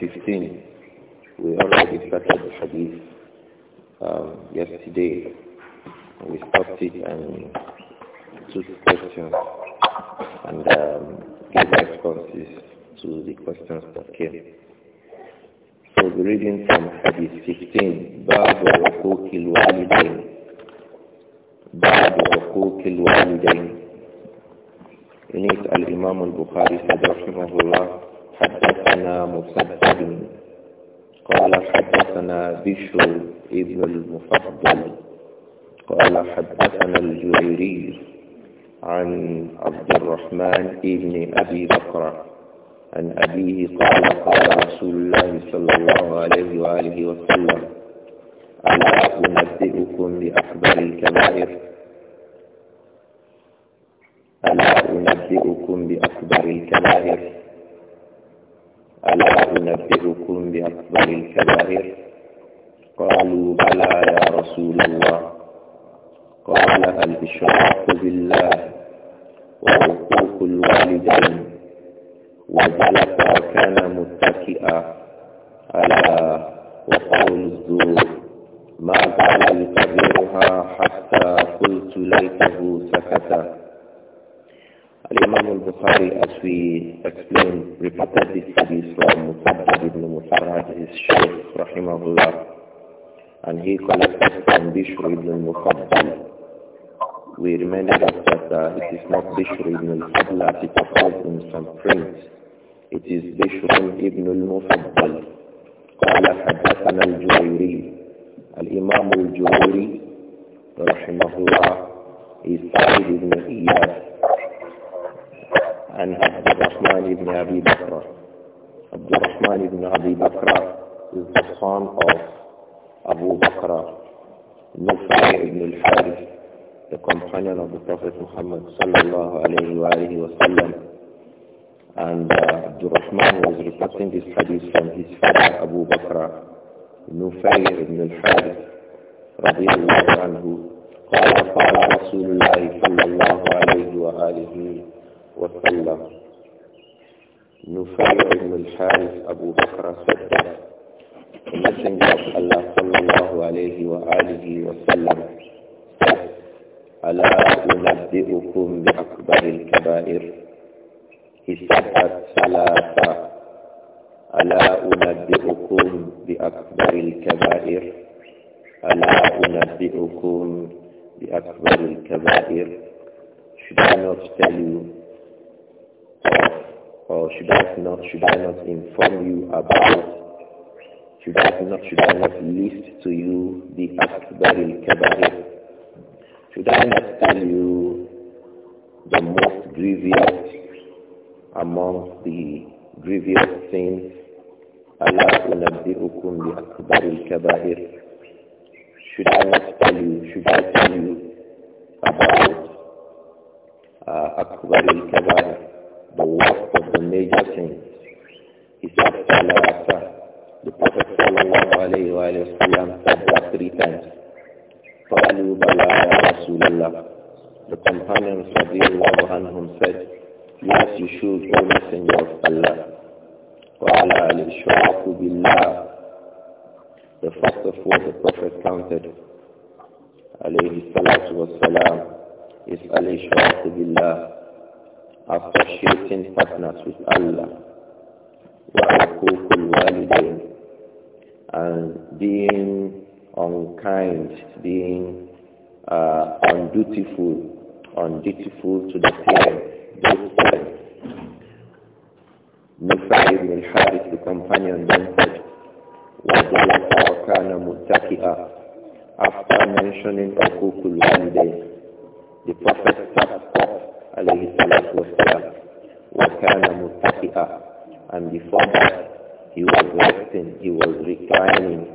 15. We already started the hadith um, yesterday. We stopped it and took questions and um, gave responses to the questions that came. So we're reading from Hadith 15, باب حقوق الوالدين باب حقوق الوالدين In it, Al-Imam al-Bukhari said, رحمه حدثنا مسدد قال حدثنا بشر ابن المفضل قال حدثنا الجريري عن عبد الرحمن ابن أبي بكر عن أبيه قال قال رسول الله صلى الله عليه وآله وسلم ألا أنبئكم بأكبر الكبائر ألا أنبئكم بأكبر الكبائر ألا أنبئكم بأكبر الكبائر قالوا بلى يا رسول الله قال الإشراك بالله وعقوق الوالدين وجلس وكان متكئا على وقول الزور ما زال يكررها حتى قلت ليته سكتا Al-Imam al-Bukhari, as we explained, reported this from Musaddad ibn Musarrad, his shaykh, rahimahullah, and he collected from Bishr ibn We reminded us that uh, it is not Bishr ibn al-Fadl as it appears in some prints. It is Bishr ibn al-Mufaddal. قال حدثنا الجويري الإمام الجويري رحمه الله إسحاق بن إياس عن عبد الرحمن بن Abi Bakr عبد الرحمن بن Abi Bakr is the son of Abu Bakr Nufay ibn al-Harith the companion of the Prophet Muhammad sallallahu alayhi wa alayhi wa sallam and uh, Abdul Rahman was reporting this hadith from his father Abu Bakr Nufay ibn al-Harith رضي الله عنه قال قال رسول الله صلى الله عليه وآله وسلم نفيع بن الحارث أبو بكر صدق ومسنج الله صلى الله عليه وآله وسلم ألا أنبئكم بأكبر الكبائر إسحبت ثلاثة ألا أنبئكم بأكبر الكبائر ألا أنبئكم بأكبر الكبائر شبان أفتلون or should I not should I not inform you about should I not should I not list to you the akbaril al Should I not tell you the most grievous among the grievous sins Allah unabbi'ukum bi akbaril kabahir. should I not tell you should I tell you about uh, akbar al the last of the major sins. He said, Salawata. The Prophet sallallahu alayhi wa sallam said that three times. Qalu bala ya Rasulullah. The companions radiallahu anhum said, Yes, you should, O Messenger of Allah. وعلى الإشراك بالله The first of what the Prophet counted عليه الصلاة والسلام is al-ishraq billah associating partners with Allah, and being unkind, being uh, undutiful, undutiful to the parents. Musa ibn al-Harith, the companion, then said, وَجَلَسَ وَكَانَ مُتَّكِئًا After mentioning Akukul Walidain, the Prophet sat up alayhi salatu wasalam, وَكَانَ مُتَّكِئًا And before that, he was resting, he was reclining,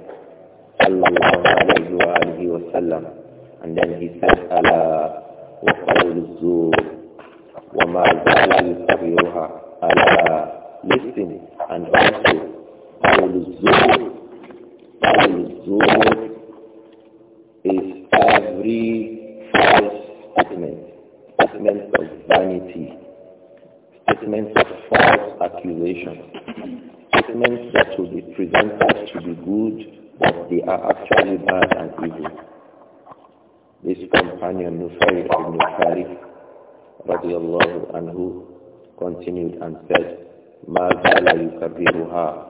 sallallahu alayhi wa wasallam. And then he said, أَلَا وَقَوْلُ الزُّورِ وَمَا زَالَ يُكَرِّرُهَا أَلَا Listen and also, قَوْلُ الزُّورِ قَوْلُ الزُّورِ Statements that will be presented to be good, but they are actually bad and evil. This companion, Nufayr ibn Tariq, radiallahu anhu, continued and said, مَا زَالَ يُكَبِّرُهَا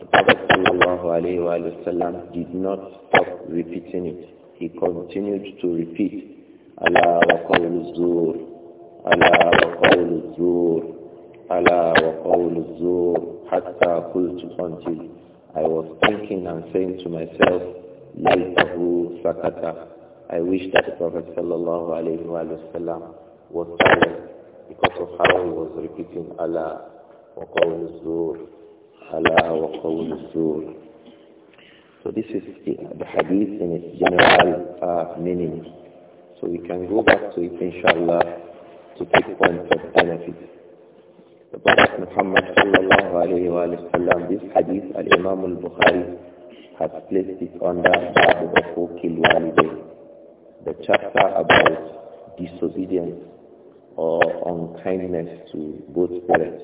The Prophet sallallahu alayhi wa sallam did not stop repeating it. He continued to repeat, أَلَا وَقَوْلُ الزُّورِ أَلَا وَقَوْلُ الزُّورِ ألا وقول الزور حتى قلت until I was thinking and saying to myself ليته سكت I wish that the Prophet sallallahu alayhi wa sallam was silent because of how he was repeating Allah وقول الزور Allah وقول الزور So this is the, the hadith in its general uh, meaning. So we can go back to it inshallah to take points of benefit the Prophet Muhammad الله عليه wa sallam, this hadith al-Imam al-Bukhari has placed it under Babu Bafu Kilwaliday, the chapter about disobedience or unkindness to both parents.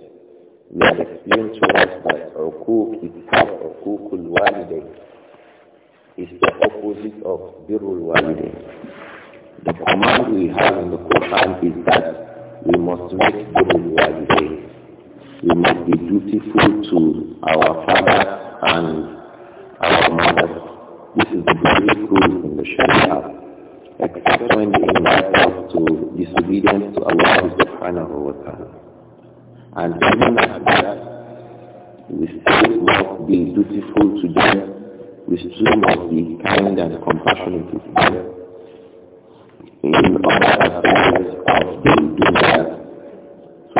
We have explained to us that Rukuk itself, Rukukul Waliday, is the opposite of Birul Waliday. The command we have in the Quran is that we must make good walidain we must be dutiful to our father and our mother. This is the basic rule in the Sharia, except when they invite us to disobedience to Allah subhanahu wa ta'ala. And even at that, we still must be dutiful to them. We still must be kind and compassionate to them. In other aspects of the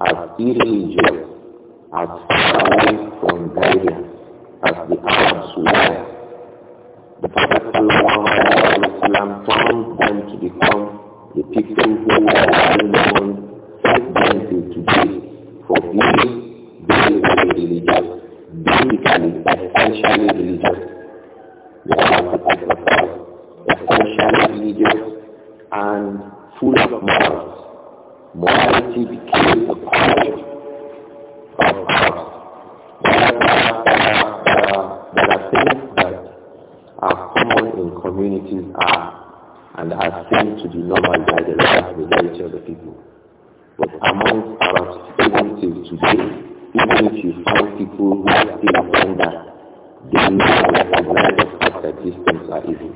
as irreligious, as far from guidance as the Arabs were. The Prophet ﷺ turned them to become the people who are were known until today for being very, very religious, basically, essentially religious. The Prophet essentially religious and full of morals morality became a part of us. There are things that are common in communities are and are seen to be normal by the large majority of the people. But amongst Arabs, even today, even if you find people who are still that they know recognize the fact that these things are evil.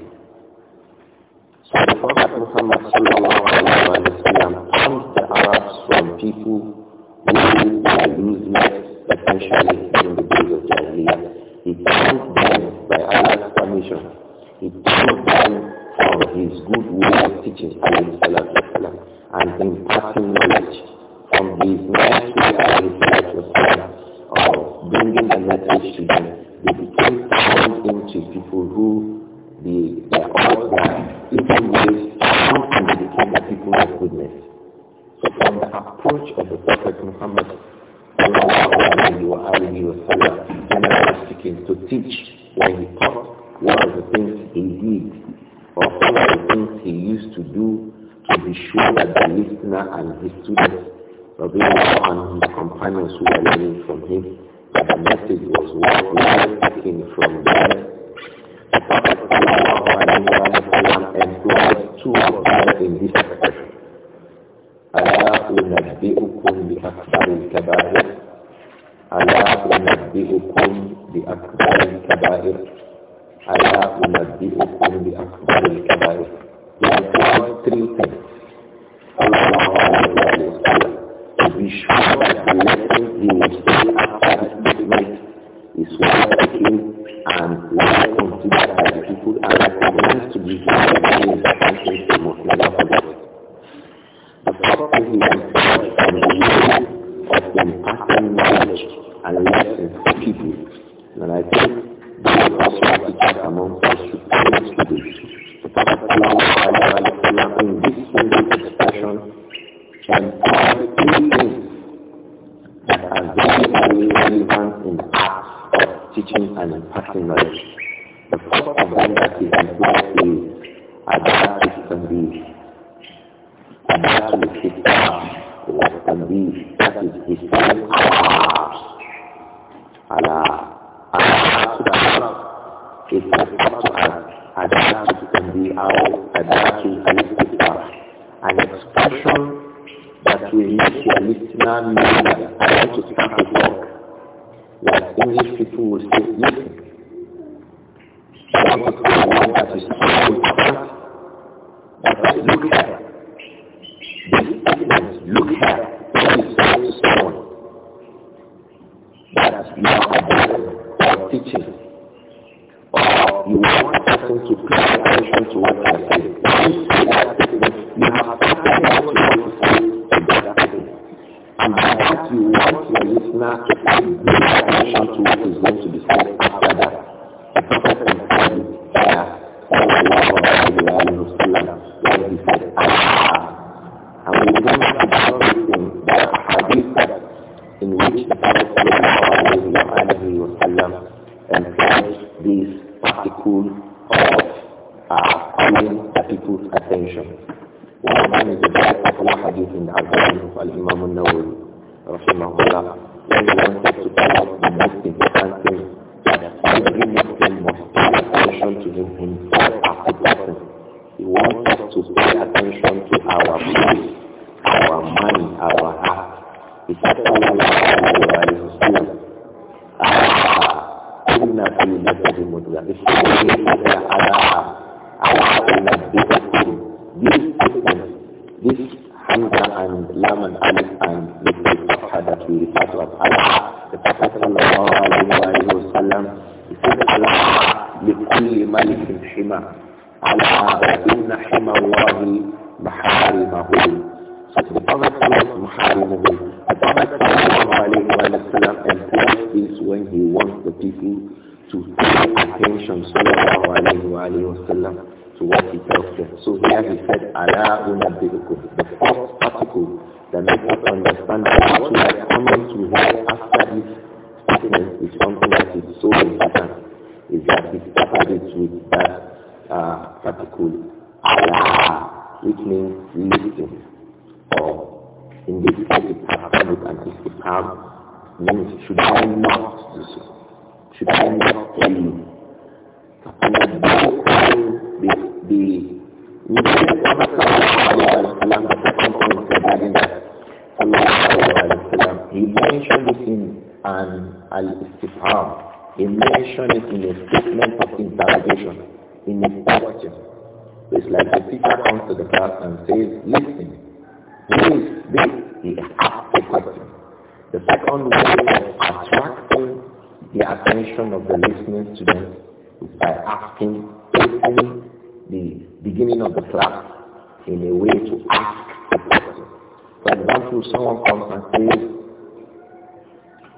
So the Prophet Muhammad harms the Arabs from people who are useless, especially in the days of Jahiliyyah. He thanked them by Allah's permission. He thanked them for his good way of teaching, and imparting knowledge from his nice way, والسلام, of bringing the message to them. They became turned into people who the, the all their evil ways found and became the people of goodness from the approach of the Prophet Muhammad وسلم, generally speaking, to teach when he taught, one of the things he did, or what are the things he used to do to be sure that the listener and his students, Rabbi and his companions who were learning from him, that the message was well taken from them. The Prophet employed two of in this أنبئكم بأكبر الكبائر ألا أنبئكم بأكبر الكبائر ألا أنبئكم بأكبر الكبائر يعني three things Allah to be sure that the in which the Prophet ﷺ and these particles and al-istifham. He mentioned it in a statement of interrogation, in a question. It's like the teacher comes to the class and says, listen, please, this? He asks a question. The second way of attracting the attention of the listening student is by asking, opening the beginning of the class in a way to ask a question. For example, someone comes and says,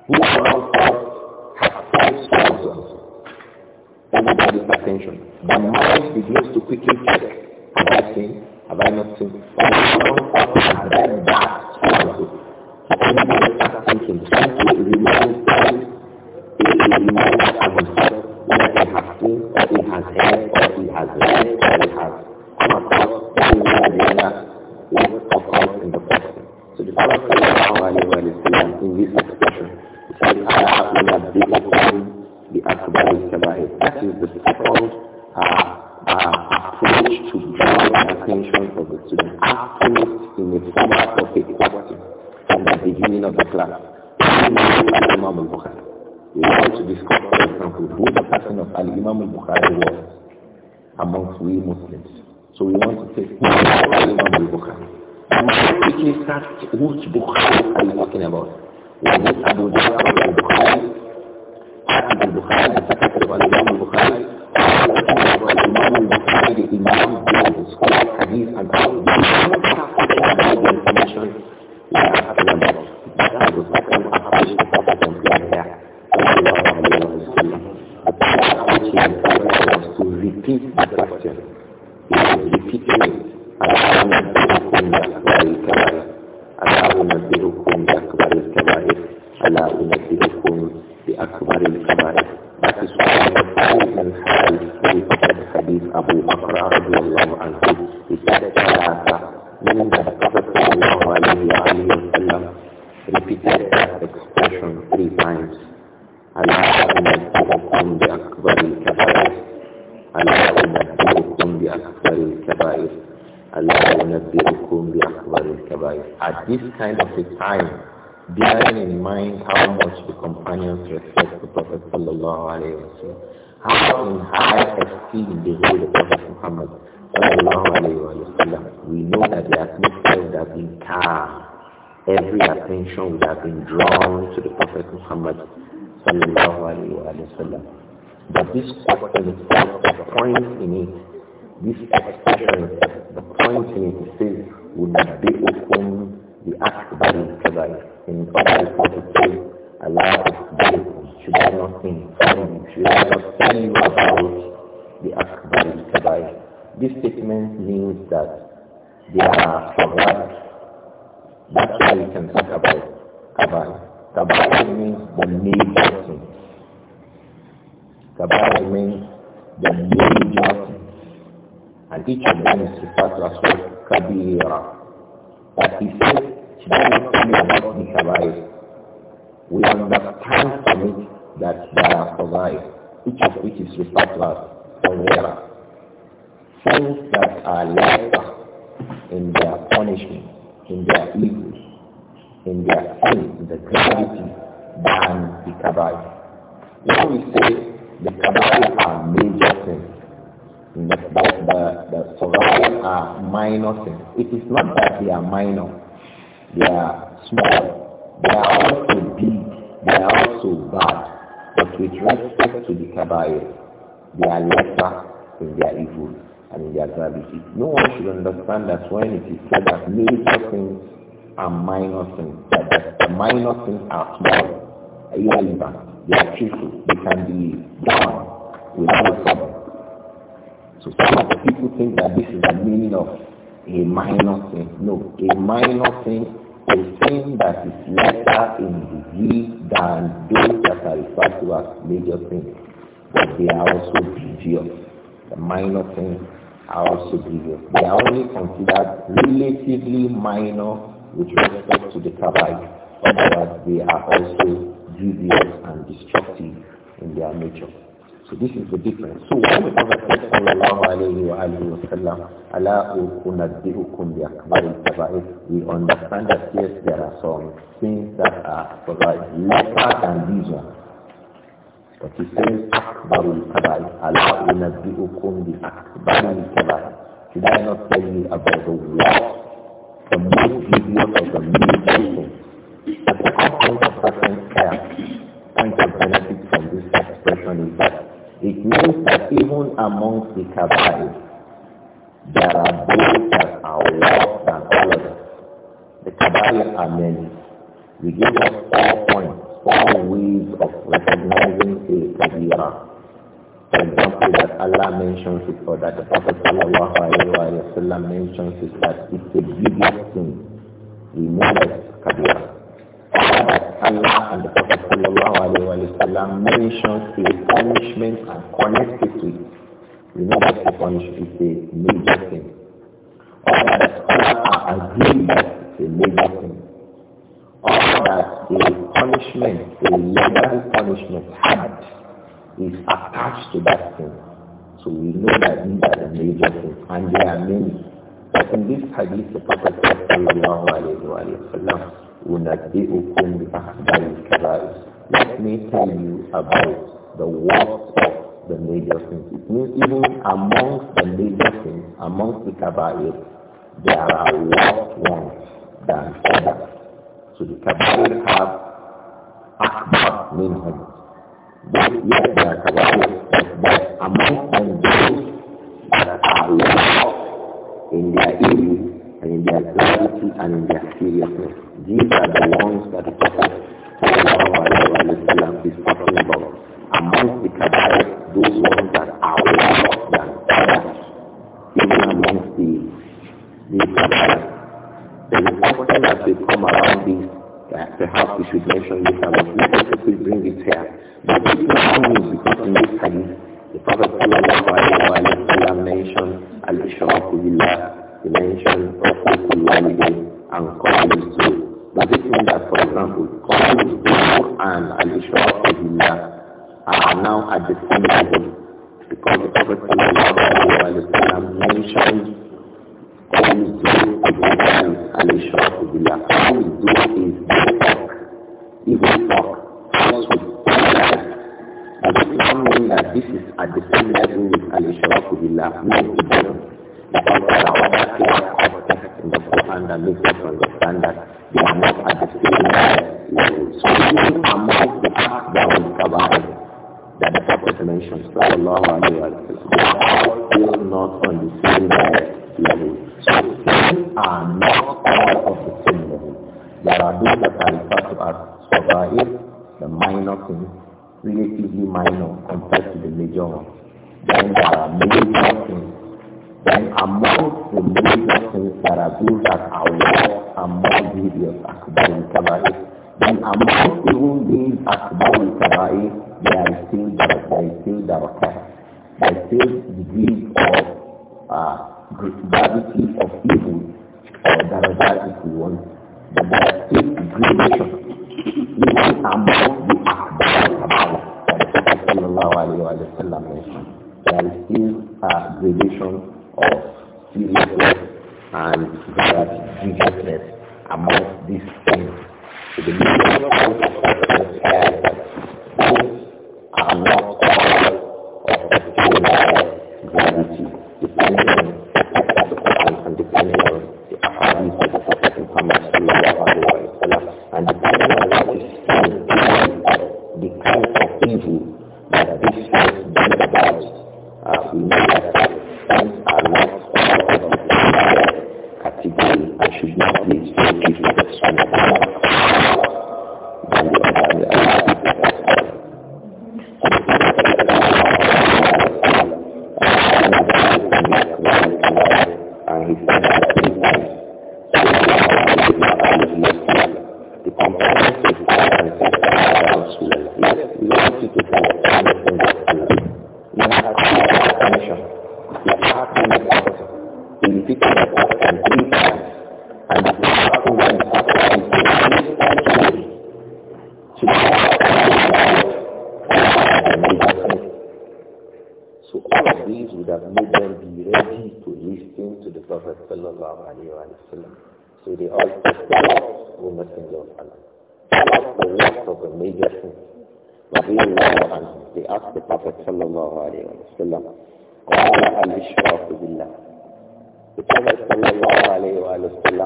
who among us have five sponsors? Everybody's attention. The mind begins to quickly check. Have I seen? Have I not seen? Everyone has done what he has seen, what he has heard, what he has read, come across, one way or the other, was of course in the person. So the in this expression فَإِنَّا أُنَبِّئُكُمْ بِأَكْبَرِ That is the second uh, uh, approach to draw the attention of the student. Ask in the format of a question from the beginning of the class. Imam al-Bukhari. We want to discuss, for example, who the person of Al-Imam al-Bukhari was amongst we Muslims. So we want to take who Al-Imam al-Bukhari. And my speaking starts, which book are you talking about? وجيب أبو جعفر البخاري حافظ البخاري فكتب الإمام البخاري قال الإمام البخاري إمام الحديث can do injustice. And each of them is referred to as what? Kabira. But he says, she doesn't tell We understand from it that there are Kabair, each of which is referred to as Kabaira. Things that are lesser in their punishment, in their evil, in their sin, in the gravity than the Kabair. Now we say, the kabair are major things. The, the, the, the are minor things. It is not that they are minor. They are small. They are also big. They are also bad. But with respect to the kabair, they are lesser in their evil and in their gravity. No one should understand that when it is said that major things are minor things, that the minor things are small, irrelevant. They are truthful. They can be done without a problem. So some of the people think that this is the meaning of a minor thing. No, a minor thing is thing that is lesser in degree than those that are referred to as major things. But they are also grievous. The minor things are also grievous. They are only considered relatively minor with respect to the Kabbalah. Otherwise, they are also devious and destructive in their nature. So this is the difference. So when the Prophet said, sallallahu alayhi wa alayhi wa sallam, ala unadbi'ukum bi kaba'ir, we understand that yes, there are some things that are lesser than these ones. But he says, akbaril kaba'ir, ala unadbi'ukum bi akbaril kaba'ir. Did I not tell you about the worst, the most devious even amongst the kabair, there are those that are worse than all of us. The kabair are many. We give us four points, four ways of recognizing a kabira. For example, that Allah mentions it or that the Prophet ﷺ mentions it that it's a big thing. We know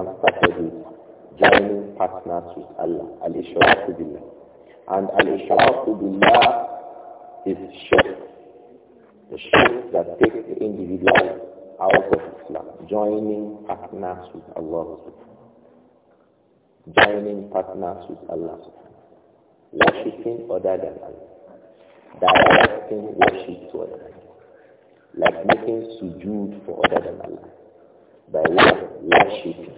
Islam started with joining partners with Allah, al-ishraku billah. And al-ishraku billah is shirk. The shirk that takes the individual out of Islam, joining partners with Allah. Joining partners with Allah. Worshipping other than Allah. Directing worship to other Like making sujood for other than Allah. By way of worshipping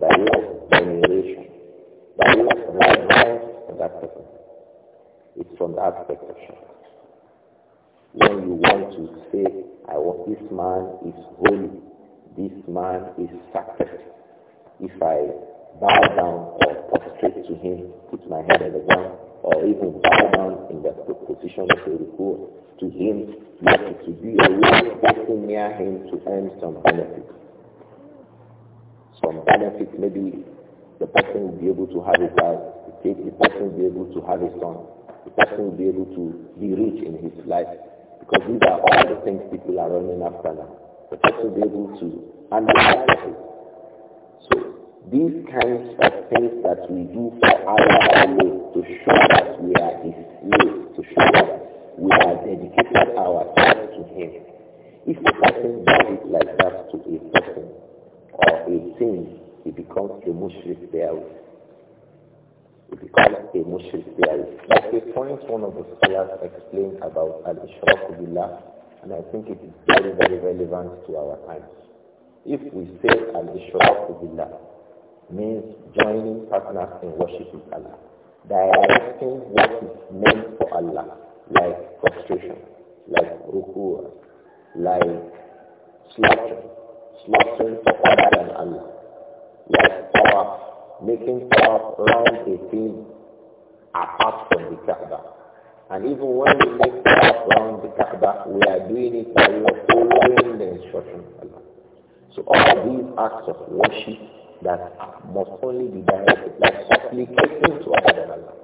by what? By By what? By from that person. It's from the aspect of When you want to say, I want this man is holy, this man is sacred. If I bow down or prostrate to him, put my head on the ground, or even bow down in the position of a report to him, like to be a way of near him to earn some benefits some benefit, maybe the person will be able to have a child, the person will be able to have a son, the person will be able to be rich in his life, because these are all the things people are running after now. The person will be able to analyze it. So these kinds of things that we do for Allah to show that we are His slave, to show that we are dedicated ourselves to Him. If a person does it like that to a person, or a sin, he becomes a mushrik therewith. He becomes a mushrik therewith. That's a point one of the scholars explained about al-ishraq billah, and I think it is very, very relevant to our times. If we say al-ishraq billah, means joining partners in worshiping Allah, directing what is meant for Allah, like prostration, like ruku, like slaughter, slaughtering for other than Allah. Like tawaf, making tawaf around a field apart from the Kaaba. And even when we make tawaf around the Kaaba, we are doing it by following the instruction of Allah. So all these acts of worship that must only be done like supplicating to other than Allah.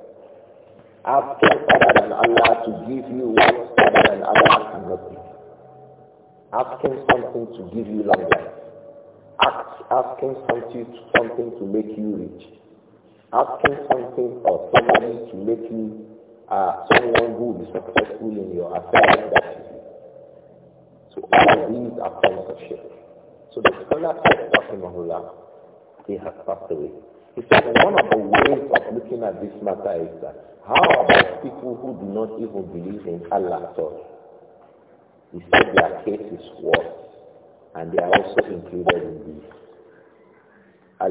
Asking other than Allah to give you what other than Allah cannot give asking something to give you long life, asking something to, something to make you rich, asking something or somebody to make you uh, someone who will be successful in your affairs So all of these are forms of shirk. So the scholar said, Allah, he has passed away. He said one of the ways of looking at this matter is that how about people who do not even believe in Allah at all? He said their case is worse, and they are also included in this. al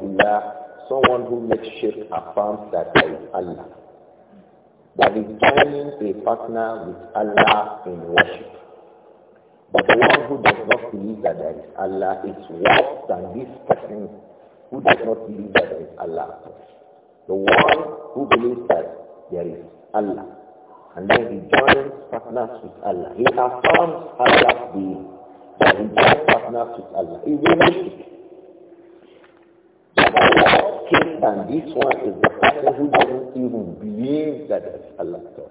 Billah, someone who makes shirk affirms that there is Allah. That is joining a partner with Allah in worship. But the one who does not believe that there is Allah is worse than this person who does not believe that there is Allah. The one who believes that there is Allah and then he joins partners with Allah. He affirms Allah's being, but he joins partners with Allah. He's a mystic. And this one is the person who doesn't even believe that it's Allah at all.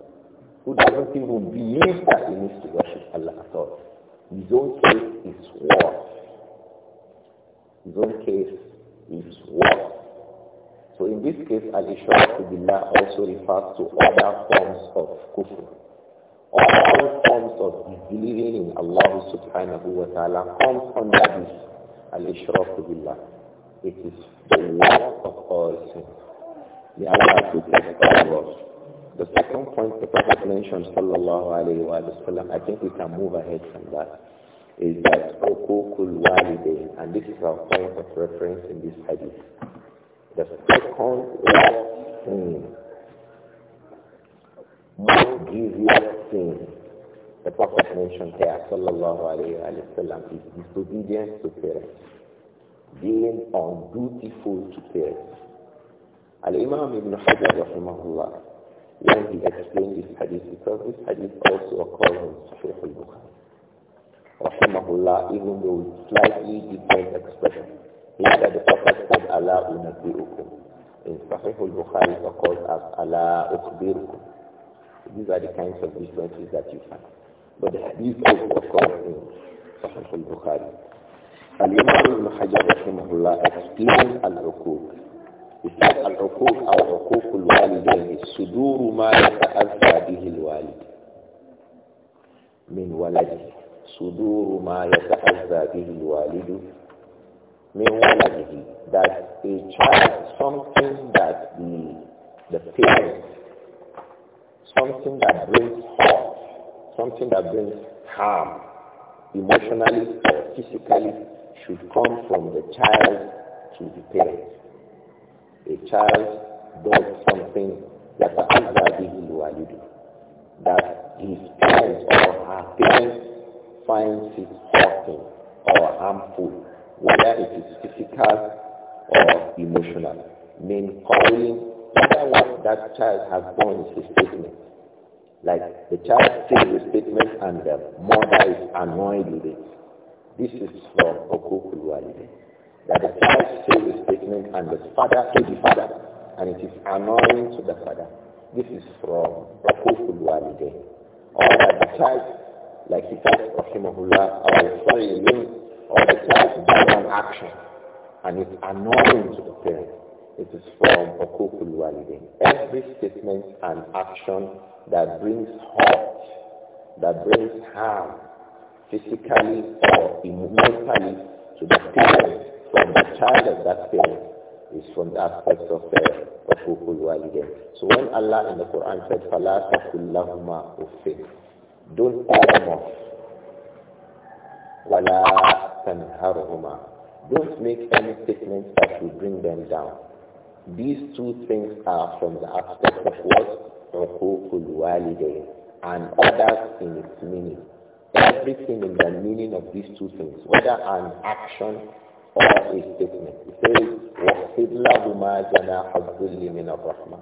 Who doesn't even believe that he needs to worship Allah at all. His own case is worse. His own case is worse. So in this case, al to billah also refers to other forms of kufr. All forms of believing in Allah subhanahu wa ta'ala comes under this al to billah. It is the worst of all sins. May Allah protect The second point the Prophet mentioned, sallallahu alayhi wa sallam, I think we can move ahead from that, is that ukukul walidain, and this is our point of reference in this hadith. The second thing most grievous thing the Prophet mentioned there, sallallahu alayhi wa sallam, is disobedience to parents, being undutiful to parents. Al-Imam ibn Hajar, rahimahullah, when he explained this hadith, because this hadith also occurs in Sahih al-Bukhari, rahimahullah, even though with slightly different expression. وقد قصدكم ألا أنبئكم إن صحيح البخاري bukhari ألا أخبركم These are the kinds of differences that you find. But the hadith of occurs in Sahih al-Bukhari. Al-Imam al-Hajjaj rahimahullah explains al rukuk He said al rukuk al-Rukuk al-Walidain is suduru ma yata'azza bihi al-Walid. Min waladi. Suduru ma yata'azza bihi al-Walidu min that a child, something that the, the parent something that brings harm, something that brings harm, emotionally or physically, should come from the child to the parent. A child does something that that his parents or her parents finds it hurting or harmful whether it is physical or emotional. Mean calling whether what that child has done is a statement. Like the child says the statement and the mother is annoyed with it. This is from Okokulualide. That the child says the statement and the father says the father and it is annoying to the father. This is from Okokulualide. Or that the child, like he says, Rahimahullah, our sorry, all the time by an action. And it's annoying to the parents. It is from Okukul Walidin. Every statement and action that brings hurt, that brings harm, physically or mentally to the parent, from the child of that parent, is from the aspect of Okukul uh, Walidin. So when Allah in the Quran said, فَلَا تَقُلْ أُفِّكْ Don't call them off. وَلَا تنهرهما Don't make any statements that will bring them down. These two things are from the aspect of what? Uqooqul walidayn and others in its meaning. Everything in the meaning of these two things, whether an action or a statement. It says, وَحْفِدْ لَهُمَا جَنَاحَ الظِّلِّ مِنَ الرَّحْمَةِ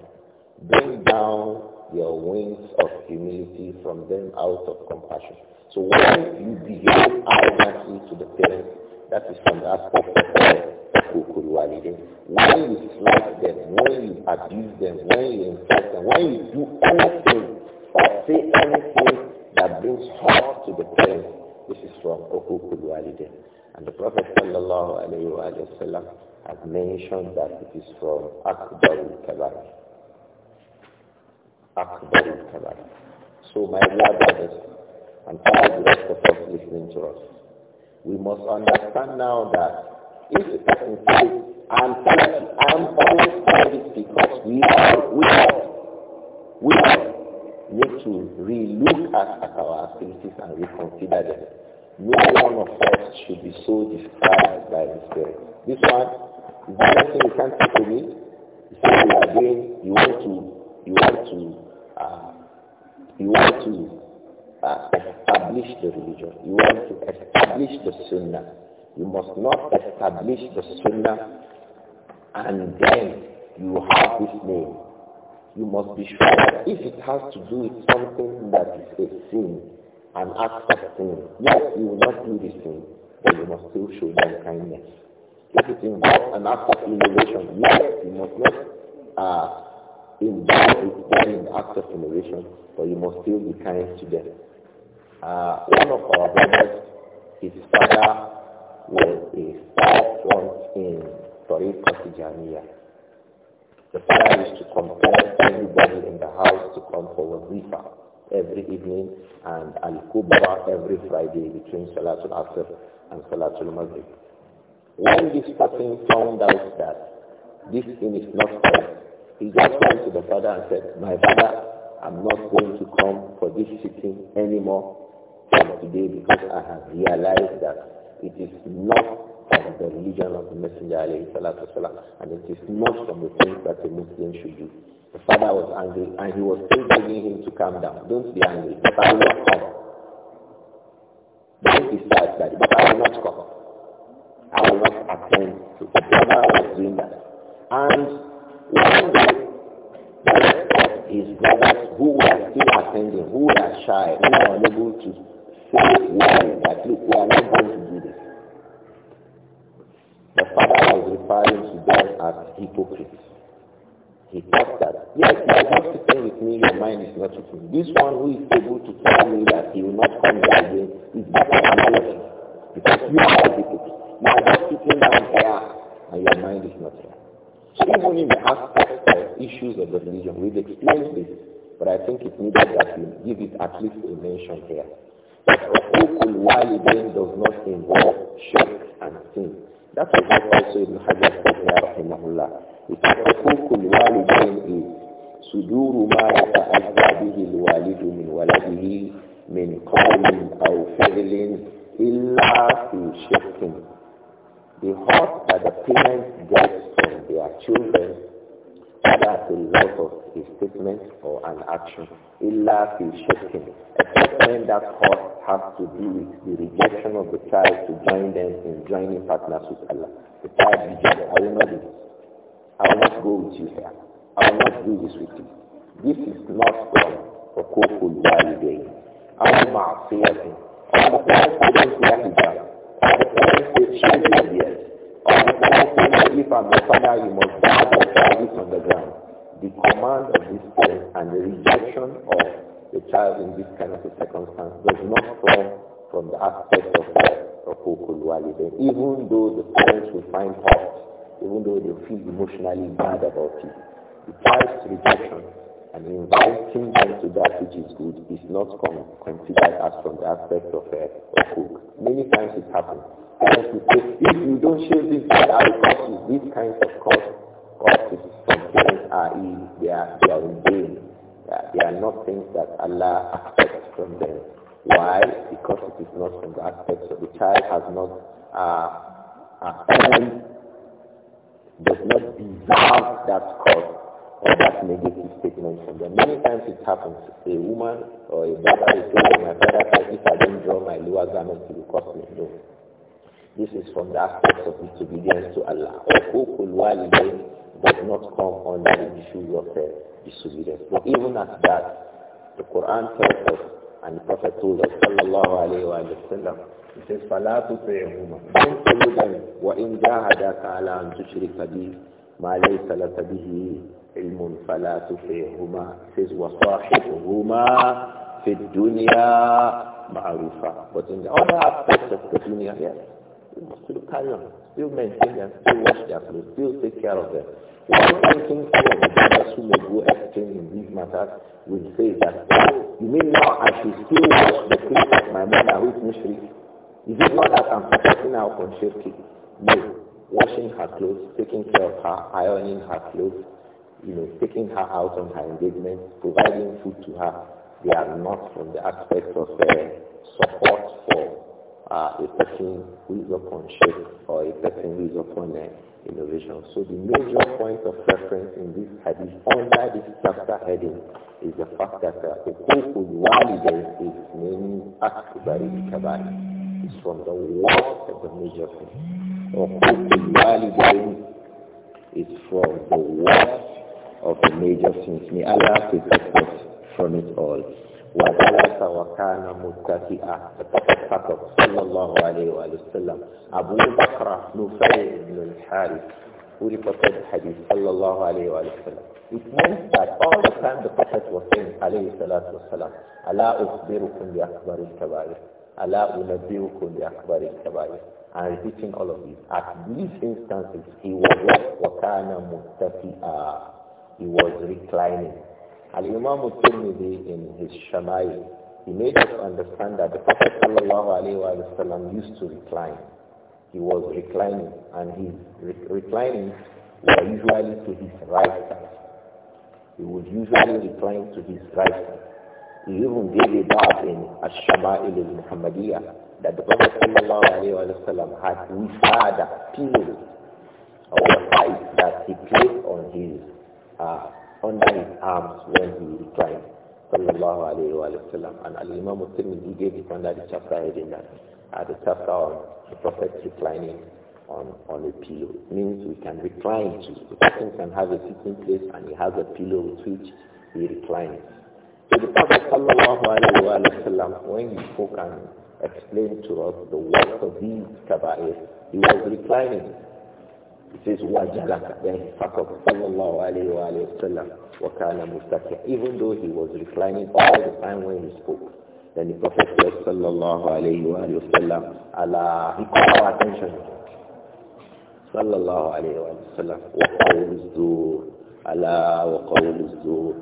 Bring down your wings of humility from them out of compassion. So when you behave arrogantly to the parents, that is from the aspect of When you slap them, when you abuse them, when you insult them, when you do anything or say anything that brings harm to the parents, this is from kukul walidin. And the Prophet sallallahu alayhi wa sallam has mentioned that it is from akbar al so my dear brothers and all the rest of us listening to us, we must understand now that if a person says, I'm sorry, I'm always sorry because we are, we are, we are, need to relook at, at our activities and reconsider them. No one of us should be so described by the Spirit. This one, the there anything you can't to me? is say you are doing, you want to you want to uh, you want to uh, establish the religion, you want to establish the sunnah. You must not establish the sunnah and then you have this name. You must be sure that if it has to do with something that is a sin, an act of sin, yes, you will not do this thing, but you must still show them kindness. If it involves an act of innovation, yes, you must not uh, in that is the act of innovation, but you must still be kind to them. Uh, one of our brothers, his father was a star in Tariqa Tijaniya. The father used to compel everybody in the house to come for wazifa every evening and al-kubra every Friday between Salatul Asr and Salatul Maghrib. When this person found out that this thing is not correct, he just went to the father and said, My father, I'm not going to come for this sitting anymore from today because I have realized that it is not from the religion of the Messenger and it is not from the things that a Muslim should do. The father was angry and he was still begging him to calm down. Don't be angry, but I will not come. Don't that but I will not come. I will not attend to the father was doing that. And hypocrite. He thought that, yes, you have to sitting with me, your mind is not with me. This one who is able to tell me that he will not come back again is better than all of you. Because you are a hypocrite. You are just sitting down here and your mind is not here. So even in the aspect of issues of the religion, we've explained this, but I think it needed that we give it at least a mention here. But Ukul Walidain does not involve shirk and sin. That's what also Ibn Hajar Bismillahirrahmanirrahim. any partners with Allah. The third vision, I will not do this. I will not go with you here. I will not do this with you. This is not from the Koful Bali Day. I will not say anything. I the parents who don't wear hijab, all the parents who shave their beards, all the parents if I'm your father, you must bow the service on the ground. The command of this place, and the rejection of the child in this kind of a circumstance does not fall from the aspect of Rafukul Walidain, even though the parents will find hurt, even though they feel emotionally bad about it. The child's rejection and inviting them to that which is good is not considered as from the aspect of Rafuk. Uh, Many times it happens. Parents will say, if you don't share this bad out these kinds of causes, causes from parents are they are, they are in pain. They are not things that Allah accepts from them. Why? Because it is not from the aspect of the child has not uh, earned, uh, does not deserve that cause or that negative statement from them. Many times it happens. A woman or a brother is saying, my father said, if I don't draw my lower garment, he will cost me. No. This is from the aspect of disobedience to Allah. does not come under the issue of uh, disobedience. But even at that, the Quran tells us and Prophet told us sallallahu alayhi wa sallam, he says, فَلَا تُطِعْهُمَا Don't follow them. وَإِنْ جَاهَدَكَ عَلَىٰ أَنْ تُشْرِكَ بِي مَا لَيْسَ لَكَ بِهِ عِلْمٌ فَلَا تُطِعْهُمَا He says, وَصَاحِبْهُمَا فِي الدُّنْيَا مَعْرُوفًا But in the other aspects of the dunya, yes, you must still carry on, still maintain them, still wash their clothes, still take care of them. Why do you think scholars who may go in these matters will say that, oh, you mean now I should still watch the clip of my mother who is Mushrik? Is it not that I'm protecting her from No. Washing her clothes, taking care of her, ironing her clothes, you know, taking her out on her engagement, providing food to her, they are not from the aspect of uh, support for uh, a person who is upon shape or a person who is upon uh, innovation. So the major point of reference in this hadith under this chapter heading is the fact that Ukukul Walidain is meaning Akbari Kabari. It's from the worst of the major things. Ukukul Walidain is from the worst of the major sins. May Allah protect us from it all. وجلس وكان متكئا فقد صلى الله عليه وآله وسلم أبو بكر نفيل بن الحارث who reported the hadith sallallahu alayhi wa sallam. It means that all the time the Prophet was saying alayhi salatu wasalam, Allah ukhbirukum bi akbar al-kabair, Allah unabbirukum bi akbar al-kabair. And repeating all of these. At these instances, he was wakana muttafi'a. He was reclining. Al-Imam al-Tirmidhi in his Shama'il, he made us understand that the Prophet sallallahu used to recline. He was reclining, and his re reclining was usually to his right side. He would usually recline to his right side. He even gave a da'at in Ash-Shama'il al-Muhammadiyah that the Prophet sallallahu had wisada, pillow, or a that he placed on his uh, under his arms when he reclined. Sallallahu alayhi wa sallam. And Al-Imam al he gave it under the chapter heading that, uh, the chapter on the Prophet reclining on, on a pillow. It means we can recline too. The person can have a sitting place and he has a pillow with which he reclines. So the Prophet sallallahu alayhi wa sallam, when he spoke and explained to us the work of these kabair, he was reclining. It says wajalaka. Then he sat up. Sallallahu alayhi wa alayhi wa sallam. Even though he was reclining all the time when he spoke. Then the Prophet said, Sallallahu alayhi wa alayhi wa sallam. Allah, he called our attention. Sallallahu alayhi wa sallam. Wa qawlu zuhr. Allah wa qawlu zuhr.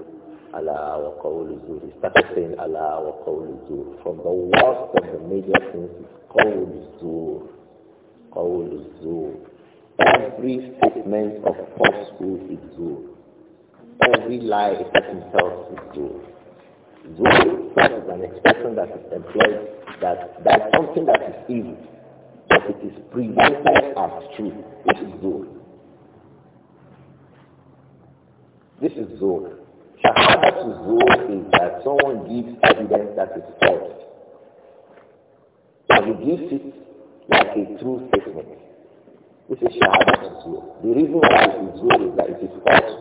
Allah wa qawlu zuhr. He started saying Allah wa qawlu zuhr. From the worst of the major things, is qawlu zuhr. Qawlu zuhr. Every statement of falsehood is good. Every lie except is good. Good is an expression that is employed that that is something that is evil, that it is presented as true, This is good. This is Zohar. Shahadatu Zohar is that someone gives evidence that is false. And he gives it like a true statement. This is Shahada The reason why it is good is that it is false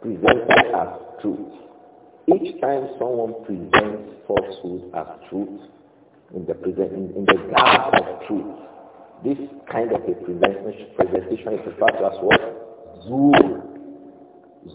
presented as truth. Each time someone presents falsehood as truth, in the, present, in, in the garb of truth, this kind of a presentation, presentation is referred to as what? Zuhur.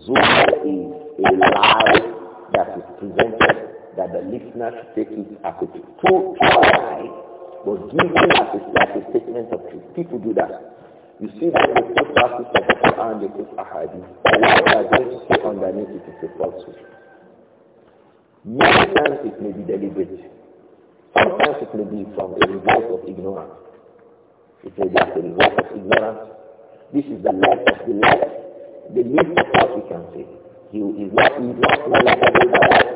Zuhur is a lie that is presented that the listener should take it as a true lie but giving that is like a statement of truth. People do that. You see that the first verses of the Quran, they put ahadith. What they are going to say underneath it is a falsehood. Many times it may be deliberate. Sometimes it may be from a result of ignorance. It may be as a result of ignorance. This is the life of the life. The least of what we can say. He is not, he is not knowledgeable that is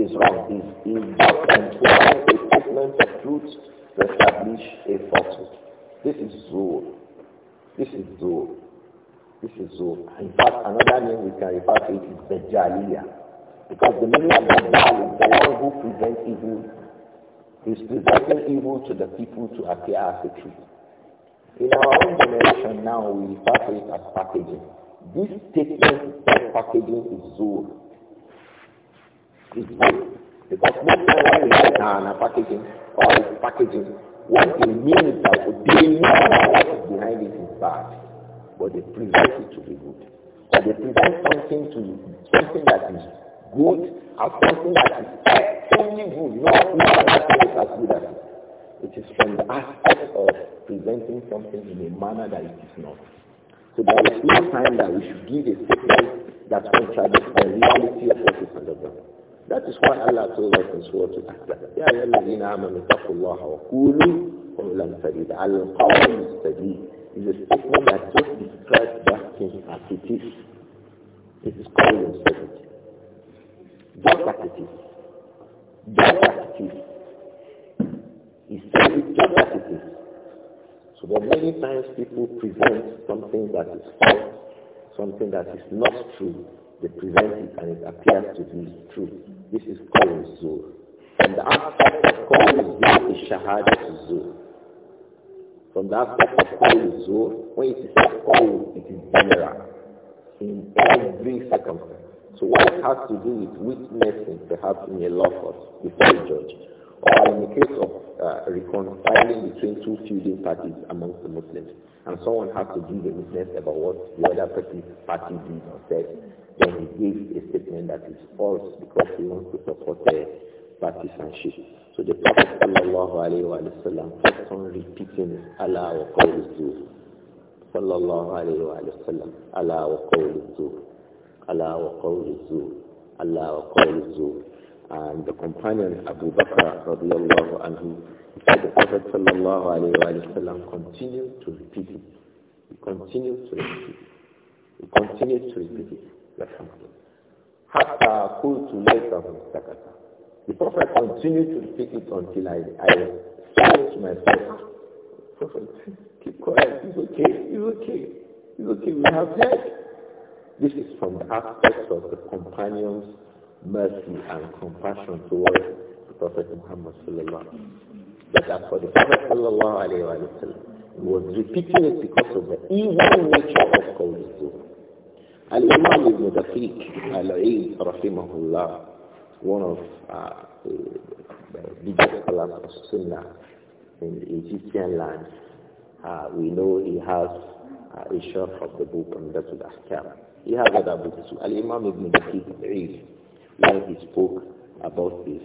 he's is wrong. He's, he's not controlling statement of truth to establish a falsehood. This is Zul. This is Zul. This is Zul. In fact, another name we can refer to it is Dajjaliya. Because the meaning of Dajjal is the one who presents evil. He's presenting evil to the people to appear as a truth. In our own generation now, we refer to it as packaging. This statement of packaging is Zul. It's Zul. Because most times when we packaging or it's packaging, what they mean is that they know what is behind it is bad, but they present it to be good. Or they present something to you, something that is good or something that is extremely good, not, not that is as good as it. It is from the aspect of presenting something in a manner that it is not. So there is no time that we should give a statement that contradicts the reality of what is happening. That is why Allah told us in Surah Al-Ahzab, يَا أَيُّهَا الَّذِينَ آمَنُوا اتَّقُوا اللَّهَ وَقُولُوا قَوْلًا سَدِيدًا الْقَوْلُ السَّدِيدُ is a statement that just describes that thing as it is. It called قَوْلٌ سَدِيدٌ Just as it is. Just as it is. He said just as it is. So but many times people present something that is false, something that is not true. They present it and it appears to be true. This is called Zuhr. And the aspect of calling Zuhr is Shahadat zul. From the aspect of calling Zuhr, when it is called, it is general. In every circumstance. So what it has to do with witnessing, perhaps in a law court, before a judge, or in the case of uh, reconciling between two feuding parties amongst the Muslims, and someone has to give a witness about what the other party did or said, then he gives a statement that is false because he wants to support the partisanship. So the Prophet sallallahu alayhi wa sallam kept on repeating Allah wa qawli Sallallahu alayhi wa sallam Allah wa qawli Allah wa qawli Allah wa qawli And the companion Abu Bakr radiallahu anhu said the Prophet sallallahu alayhi wa sallam continued to repeat it. He continued to repeat it. He continued to repeat it. يرحمكم حتى قلت ليته سكتا The Prophet continued to repeat it until I, I silenced myself. Prophet, keep quiet. It's okay. It's okay. It's okay. We have heard. This is from the aspect of the companion's mercy and compassion towards the Prophet Muhammad sallallahu That for the Prophet sallallahu alayhi wa sallam was repeating it because of the evil nature of Qawlizu. Al-Imam ibn Dafiq al-Aid rahimahullah, one of uh, the biggest scholars of Sunnah in the Egyptian land, uh, we know he has uh, a share of the book on Datul Ahkam. He has other books. Al-Imam ibn Dafiq al-Aid, when he spoke about this,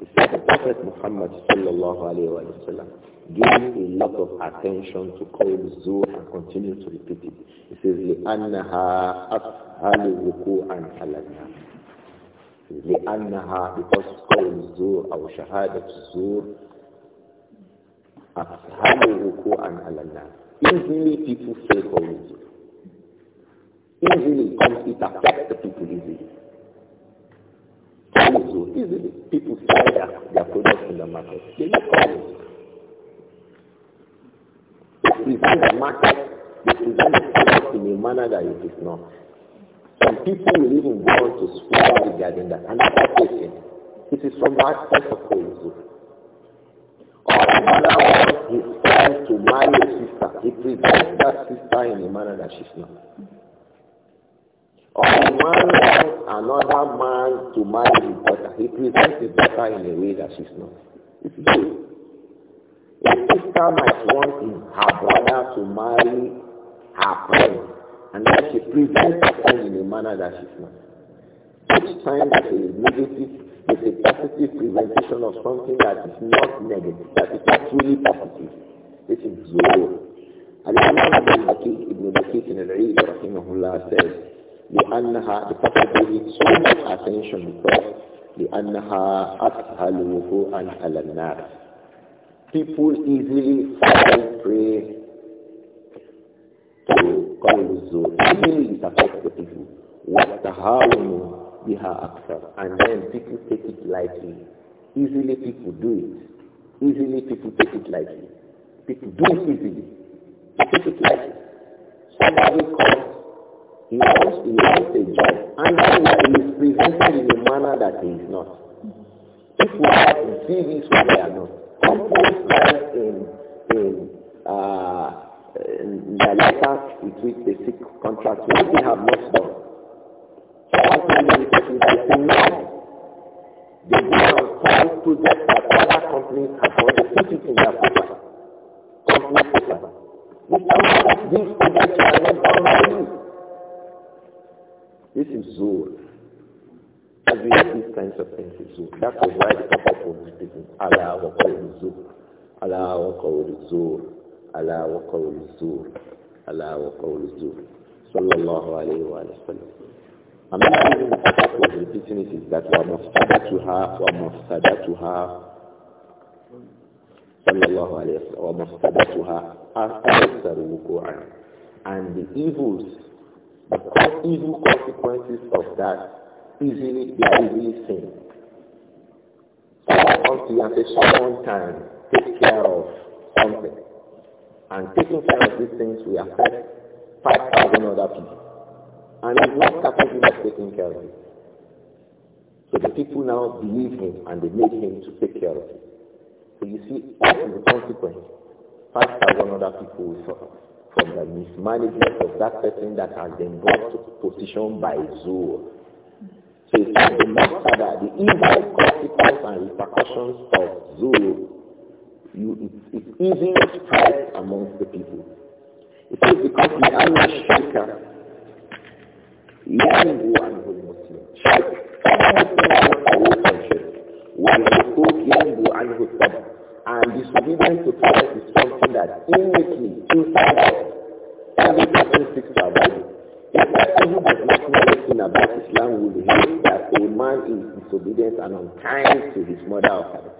he said the Prophet Muhammad sallallahu alayhi wa sallam gave a lot of attention to call Zuhr and continued to repeat it. He says, لِأَنَّهَا أَفْهَلُ رُكُوعًا عَلَى لأنها because قول الزور أو شهادة الزور أسهل وقوعا على easily people say قول الزور easily it affects the people easily so easily people sell their, their products in the market. They do make problems. They present the market, they present the product in a manner that it is not. Some people will even go on to swear regarding that. And that's question. It is from that aspect of Koizu. Or another one, is trying to marry a sister. He presents that sister in a manner that she's not or man wants another man to marry his daughter. He presents his daughter in a way that she's not. It's A sister might want her brother to marry her friend, and then she presents her friend in a manner that she's not. Each time that is negative it's a positive presentation of something that is not negative, that is truly positive. This is Zohar. And Ibn Bakir Ibn Bakir in Al-Eid, rahimahullah, says, لأنها لتقضي some attention because لأنها أسهل وقوعا على النار people easily fall prey to قول الزور easily it affects the people والتهاون بها أكثر and then people take it lightly easily people do it easily people take it lightly people do it easily they take it lightly somebody comes he wants to write a job, and he is presented in a manner that he is not. If we are to see this, we are not. in, in, uh, in the letter with which they seek contract. what they have not done. say, no. They go and find that other companies have got They put it in their paper. Company paper. Mr. not done is Zuhr. Every these kinds of things is Zuhr. That was why the Prophet was speaking, Allah wa qawli Zuhr, Allah wa qawli Zuhr, Allah wa qawli Zuhr, Allah wa qawli Zuhr. Sallallahu alayhi wa sallam. Another reason the Prophet was repeating it is that must mufsadatuha, to her. sallallahu alayhi wa sallam, must mufsadatuha, to her. and the evils The evil consequences of that easily they are easily So until you have a certain time, take care of something. And taking care of these things will affect 5,000 other people. And it's not capable of taking care of it. So the people now believe him and they make him to take care of it. So you see, that is the consequence. 5,000 other people will suffer from the mismanagement of that person that has been brought to position by Zool. So it's the matter that the evil consequences and repercussions of Zool, you, it's, it's easy spread amongst the people. It is because the Allah Shaker, one Muslim. عنه المسلم شرك فلا يكون عنه الطريق الشرك والحقوق one عنه Muslim. And disobedience to parents is something that innately, inside us, every person seeks to avoid. who does not know anything about Islam will hate that a man is disobedient and unkind to his mother or father.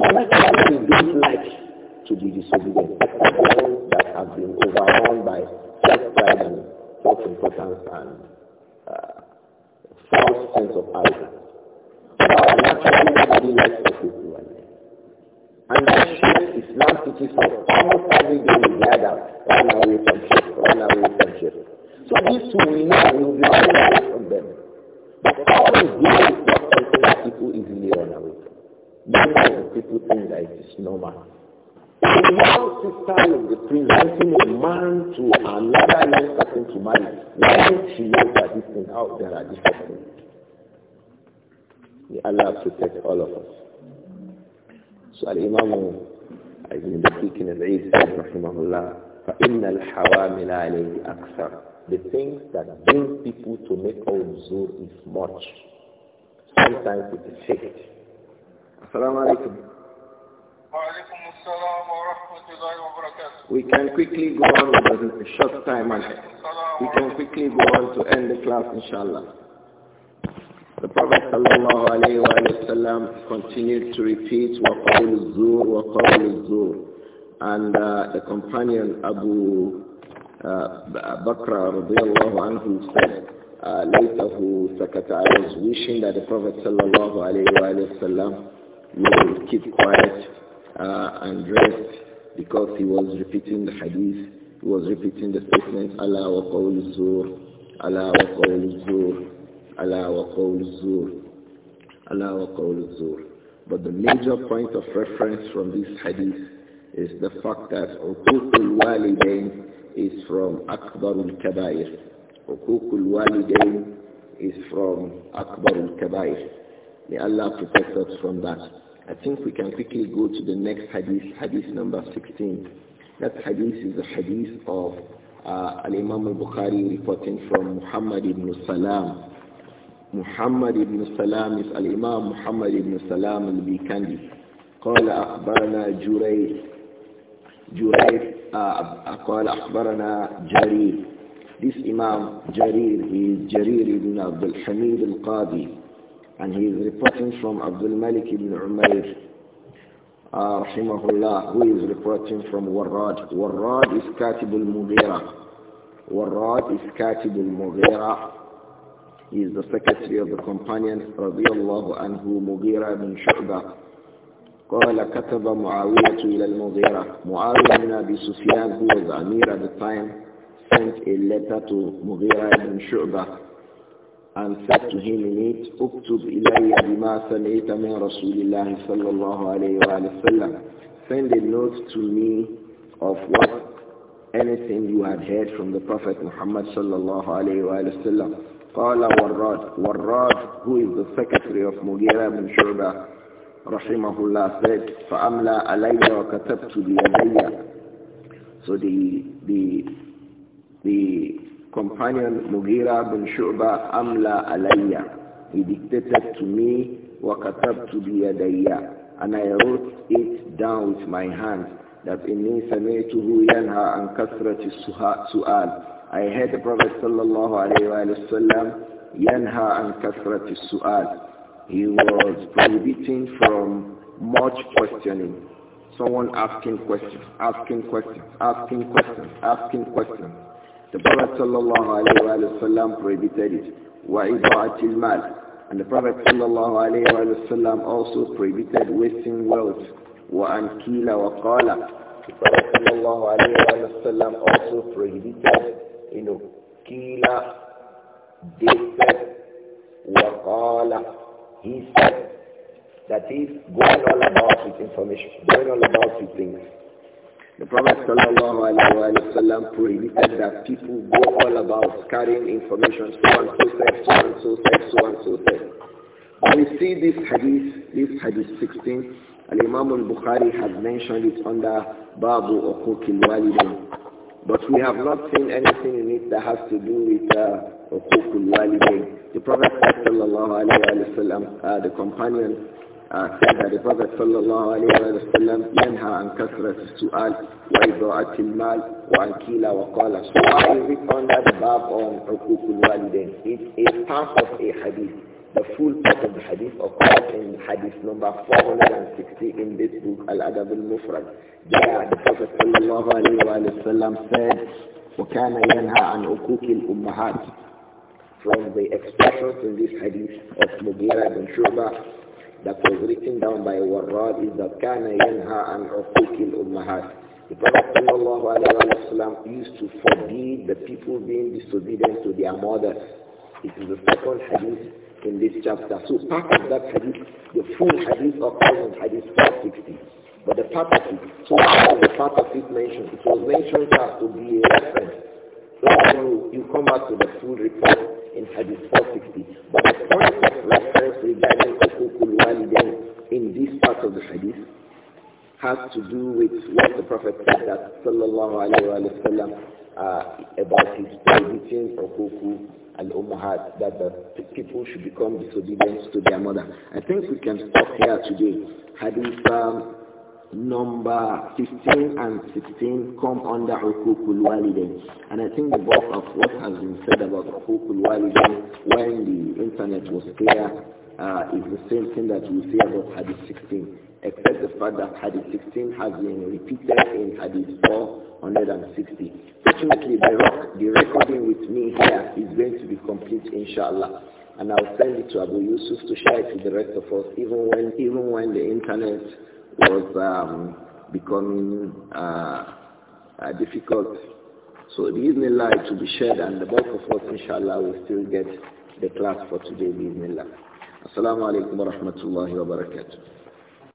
So that's why we don't like to be disobedient, except that have been overwhelmed by self-pride and self-importance and uh, false sense of arrogance. But our natural likes to and traditional Islam teaches us almost every day we hear that, run away from shirk, run away from shirk. So these two we know we will be running away from them. But all is given is not something that people easily run away from. That's why the people think that it is normal. The moral system of the presenting a man to another young person to marry, why she knows that this thing out there are different things. May Allah protect all of us. So الإمام ابن دقيق العيد رحمه الله فإن الحوامل عليه أكثر The things that bring people to make our zuhr is much. Sometimes it is fixed. Assalamu alaikum. We can quickly go on with a short time and we can quickly go on to end the class inshallah. The Prophet ﷺ continued to repeat وَقَوْلُ الزُّورِ وَقَوْلُ الزُّورِ And uh, the companion Abu uh, Bakr radiallahu anhu said, uh, لَيْتَهُ سَكَتَ I was wishing that the Prophet ﷺ would keep quiet uh, and rest because he was repeating the hadith, he was repeating the statement, Allah wa qawlu zur, Allah wa zur ala wa qawlu ala wa qawlu But the major point of reference from this hadith is the fact that uququl walidain is from akbarul kabair. Uququl walidain is from akbarul kabair. May Allah protect us from that. I think we can quickly go to the next hadith, hadith number 16. That hadith is a hadith of uh, Al-Imam al-Bukhari reporting from Muhammad ibn Salam محمد بن سلام الإمام محمد بن سلام البيكندي قال أخبرنا جرير جرير قال أخبرنا جرير This Imam Jarir, he is Jarir ibn Abdul Hamid al-Qadi and he is reporting from Abdul Malik ibn Umair uh, rahimahullah who is reporting from Warrad. Warrad is Katib al-Mughira. Warrad is Katib al-Mughira He is the secretary of the companion رضي الله عنه مغيرة بن شعبة قال كتب معاوية إلى المغيرة معاوية بن أبي سفيان who was Amir at the time sent a letter to مغيرة بن شعبة and said to him in it اكتب إلي بما سمعت من رسول الله صلى الله عليه وآله وسلم send a note to me of what anything you had heard from the Prophet Muhammad صلى الله عليه وآله وسلم قال Warrad. Warrad, who is the secretary of Mughira ibn Shu'bah, rahimahullah, said, فَأَمْلَى عَلَيَّ وَكَتَبْتُ بِيَدَيَّ So the, the, the companion Mughira bin Shu'bah, Amla alayya He dictated to me, And I wrote it down with my hand, that إِنِّي سَمِعْتُهُ يَنْهَى عَنْ كَثْرَةِ sual. I heard the Prophet sallallahu alayhi wasallam yanha an kathrati su'al. He was prohibiting from much questioning. Someone asking questions, asking questions, asking questions, asking questions. The Prophet sallallahu alayhi wasallam prohibited it. Wa ibaatil mal. And the Prophet sallallahu alayhi wasallam also prohibited wasting wealth. Wa ankila wa qala. The Prophet sallallahu alayhi also prohibited you know, Kila, they said, Waqala, he said, that is going all about with information, going all about with things. The Prophet ﷺ prohibited that people go all about carrying information, so and so said, so and so said, so and so said. When see this hadith, this hadith 16, and imam al-Bukhari has mentioned it under Babu Uquq al-Walidain. But we have not seen anything in it that has to do with uh, Uqukul The Prophet wasallam, uh, the companion, uh, said that the Prophet wasallam, ينهى عن كثرة السؤال وإضاءة المال وعن كيل Why is under the bab on It's a part of a hadith. The full part of the hadith occurs in hadith number 460 in this book, Al-Adab al-Mufrad. There, the Prophet sallallahu alayhi wa sallam said, وَكَانَ يَنْهَى عَنْ عُقُوقِ الْأُمَّهَاتِ From the expressions in this hadith of Mughira ibn Shu'bah that was written down by Warrad is that كَانَ يَنْهَى عَنْ عُقُوقِ الْأُمَّهَاتِ The Prophet sallallahu alayhi wa sallam used to forbid the people being disobedient to their mothers. It is the second hadith in this chapter. So part of that hadith, the full hadith of in hadith 460. But the part of it, so the part of it mentioned. It was mentioned as to be a reference. So you, you come back to the full report in Hadith 460. But the point of reference regarding Ukukul Walidain in this part of the Hadith has to do with what the Prophet said that sallallahu alayhi wa, sallam, uh, about his of Ukuku and Ummahat that the people should become disobedient to their mother. I think we can stop here today. Hadith um, number 15 and 16 come under Hukukul Walidain. And I think the bulk of what has been said about Hukukul Walidain when the internet was clear uh, is the same thing that we see about Hadith 16, except the fact that Hadith 16 has been repeated in Hadith 460. Fortunately, the, the recording with me here is going to be complete, inshallah and I'll send it to Abu Yusuf to share it with the rest of us, even when even when the internet was um, becoming uh, uh, difficult. So Bismillah, it will be shared and the bulk of us, inshallah, will still get the class for today, Bismillah. Assalamu alaikum wa rahmatullahi wa barakatuh.